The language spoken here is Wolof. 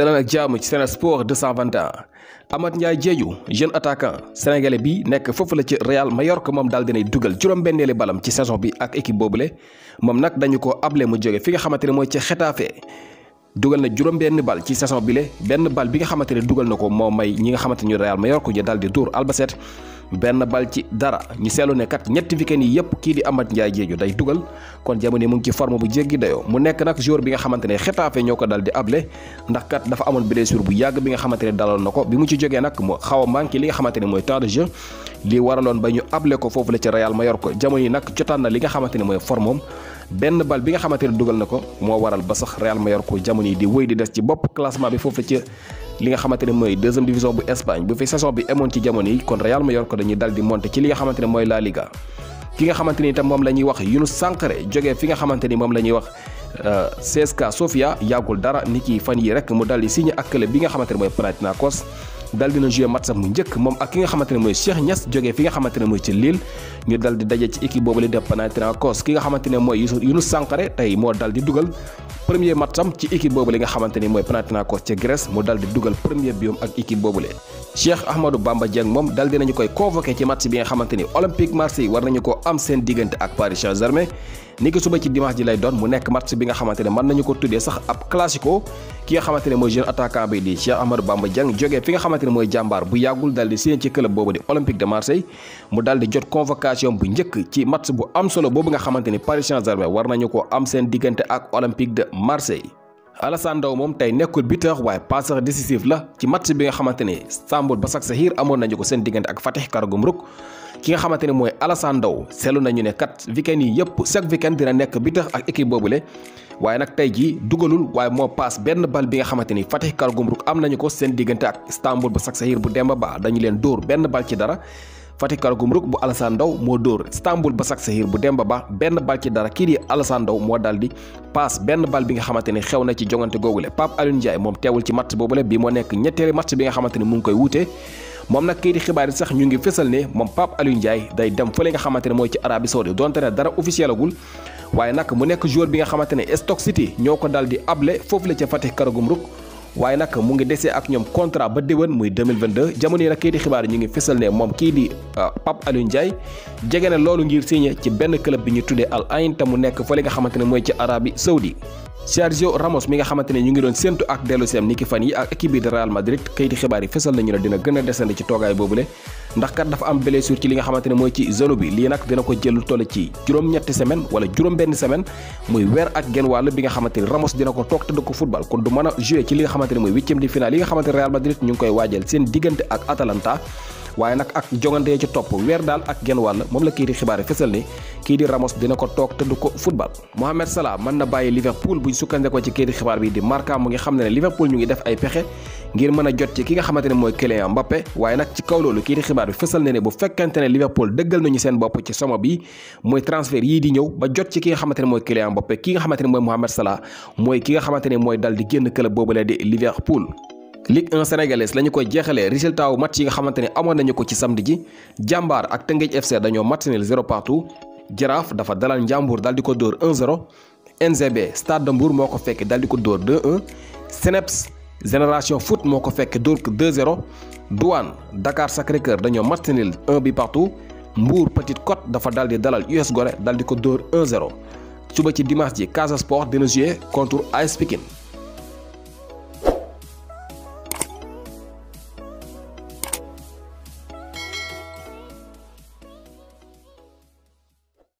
dalal ak jàmm ci Sen Sport 221 Amath Ndiaye Diédhiou jeune attaquant sénégalais bi nekk foofu la ci Real Mallorca moom daal dinay dugal juróom-benneeli balam ci saison bi ak équipe le moom nag dañu ko able mu jóge fi nga xamante ne mooy ci Xetafe dugal na juróom-benn bal ci saison bi le benn bal bi nga xamante ne dugal na ko moo may ñi nga xamante ne ñu Real Mallorca ñu daal di dóor Albacete benn bal ci dara ñu seetlu ne kat ñetti week-end yi yëpp kii di Amath Ndiaye Diédhiou day dugal kon jamono mu ngi ci forme bu jéggi dayoo mu nekk nag joueur bi nga xamante ne Xetafe ñoo ko dal di able ndax kat dafa amoon blessure bu yàgg bi nga xamante ne dalal na ko bi mu ci jogee nag mu xaw a manqué li nga xamante ne mooy temps de jeu li waraloon ba ñu able ko foofu la ci Real Mallorca jamono yi nag jotaan na li nga xamante ne mooy formoom benn bal bi nga xamante ne dugal na ko moo waral ba sax Real Mallorca jamono yi di wéy di des ci bopp classement bi foofu li nga xamante ne mooy deuxième division bu Espagne bu fi saison bi emoon ci jamono yi kon Real Mallorca dañuy dal di monter ci li nga xamante mooy La Liga ki nga xamante ni itam moom la ñuy wax Younous Sankhare jógee fi nga xamante ni moom la ñuy wax euh, CSKA Sofia yàggul dara nit ki fan yi rek mu dal di signé ak club bi nga xamante ne mooy Panathinaikos dal dina joué match mu njëkk moom ak ki nga xamante ne mooy Cheikh Niass jógee fi nga xamante ne mooy ci Lille ñu dal di daje ci équipe boobu li def Panathinaikos nga xamante ne mooy Younous Sankharé tey moo dal di dugal premier matcham ci équipe boobu li nga xamante ni mooy Panathinaikos ci Grèce mu dal di dugal premier biom ak équipe boobule Cheikh Ahmadou Bamba Dieng moom dal nañu koy convoqué ci match bi nga xamante ni Olympique Marseille war nañu ko am seen diggante ak Paris Saint-Germain ni suba ci dimanche ji lay doon mu nek match bi nga xamantene man nañu ko tuddé sax ab classico ki nga xamantene moy jeune attaquant bi di Cheikh Amadou Bamba Dieng joggé fi nga xamantene moy jambar bu yagul dal di signé ci club bobu di Olympique de Marseille mu dal di jot convocation bu ñëk ci match bu am solo bobu nga xamantene Paris Saint-Germain war nañu ko am seen digënté ak Olympique de Marseille Alassane Daw mom tay nekul buteur way passeur décisif la ci match bi nga xamantene ne Istanbul Basaksehir amon nañu ko seen digënté ak Fatih Karagümrük ki nga xamante ne mooy Alassane Ndao seetlu nañu ne kat weekend yi yëpp chaque weekend dina nekk bi tax ak boobu boobule waaye nag tey jii dugalul waaye moo paas benn bal bi nga xamante ni Fatih Karagümrük am nañu ko seen diggante ak Istanbul ba Başakşehir bu Demba Ba dañu leen dóor benn bal ci dara Fatih Karagümrük bu Alassane Ndao moo dóor Istanbul Başakşehir bu Demba Ba benn bal ci dara kii di Alassane Ndao moo daal di paas benn bal bi nga xamante ni xew na ci jongante googule Pape Alioune Ndiaye moom teewul ci match boobule bi moo nekk ñetteeli match bi nga xamante ni mu ngi koy wuute moom nag kayiti xibaar yi sax ñu ngi fésal ne moom Pape Alioune Ndiaye day dem fële nga xamante ne mooy ci arabi Saoudite donte ne dara officiel agul waaye nag mu nekk joueur bi nga xamante ne Stoke City ñoo ko daal di able foofu la ca Fatick Karagum Ruk waaye nag mu ngi desee ak ñoom contrat ba déwén muy 2022 jamono yi nag kayiti xibaar yi ñu ngi fésal ne moom kii di euh, Pape Alioune Ndiaye jege na loolu ngir signé ci benn club bi ñu tuddee Al Ain te mu nekk fële nga xamante ne mooy ci Arabie Saoudite Sergio Ramos mi nga xamante ne ñu ngi doon séentu ak dellu seem niki fan yi ak équipe bi de Real Madrid kayiti xibaar yi fesal nañu ne dina gën a desandi ci toogaay boobule ndax kat dafa am blessure ci li nga xamante ne mooy ci zone bi lii nag dina ko jël lu toll ci juróom-ñetti semaine wala juróom-benn semaine muy weer ak genn wàll bi nga xamante ne Ramos dina ko toog tëdd ko football kon du mën a jouer ci li nga xamante ne mooy huitième de yi nga waaye nag ak jongante ci topp weer daal ak genn wàll moom la kii di xibaar yi fësal ni kii di Ramos dina ko toog te du ko football. Mohamed Salah mën na bàyyi Liverpool buñ sukkandikoo ci kii di xibaar bi di Marca mu ngi xam ne ne Liverpool ñu ngi def ay pexe ngir mën a jot ci ki nga xamante ne mooy Kylian Mbappé waaye nag ci kaw loolu kii di xibaar bi fësal na ne bu fekkente ne Liverpool dëggal nañu seen bopp ci somo bi mooy transfert yii di ñëw ba jot ci nga xamante ne mooy Kylian Mbappé ki nga xamante ne mooy Mohamed Salah mooy ki nga xamante ne mooy dal di génn club boobu la di Liverpool Ligue 1 sénégalaise lañu koy jéxalé résultat wu match yi nga xamanténi Jambar nañu ko ci samedi ji Jambar ak FC dañoo match 0 partout Giraffe dafa dalal Jambour dal diko 1-0 NZB Stade de Mbour moko fekk dal diko 2-1 Seneps Génération Foot Mokofek fekk 2-0 Douane Dakar Sacré-Cœur dañoo match 1 bi partout Mbour Petite Côte dafa dal di dalal US Gorée dal diko 1-0 suba ci dimanche ji Casa Sport dina jouer contre AS Pikine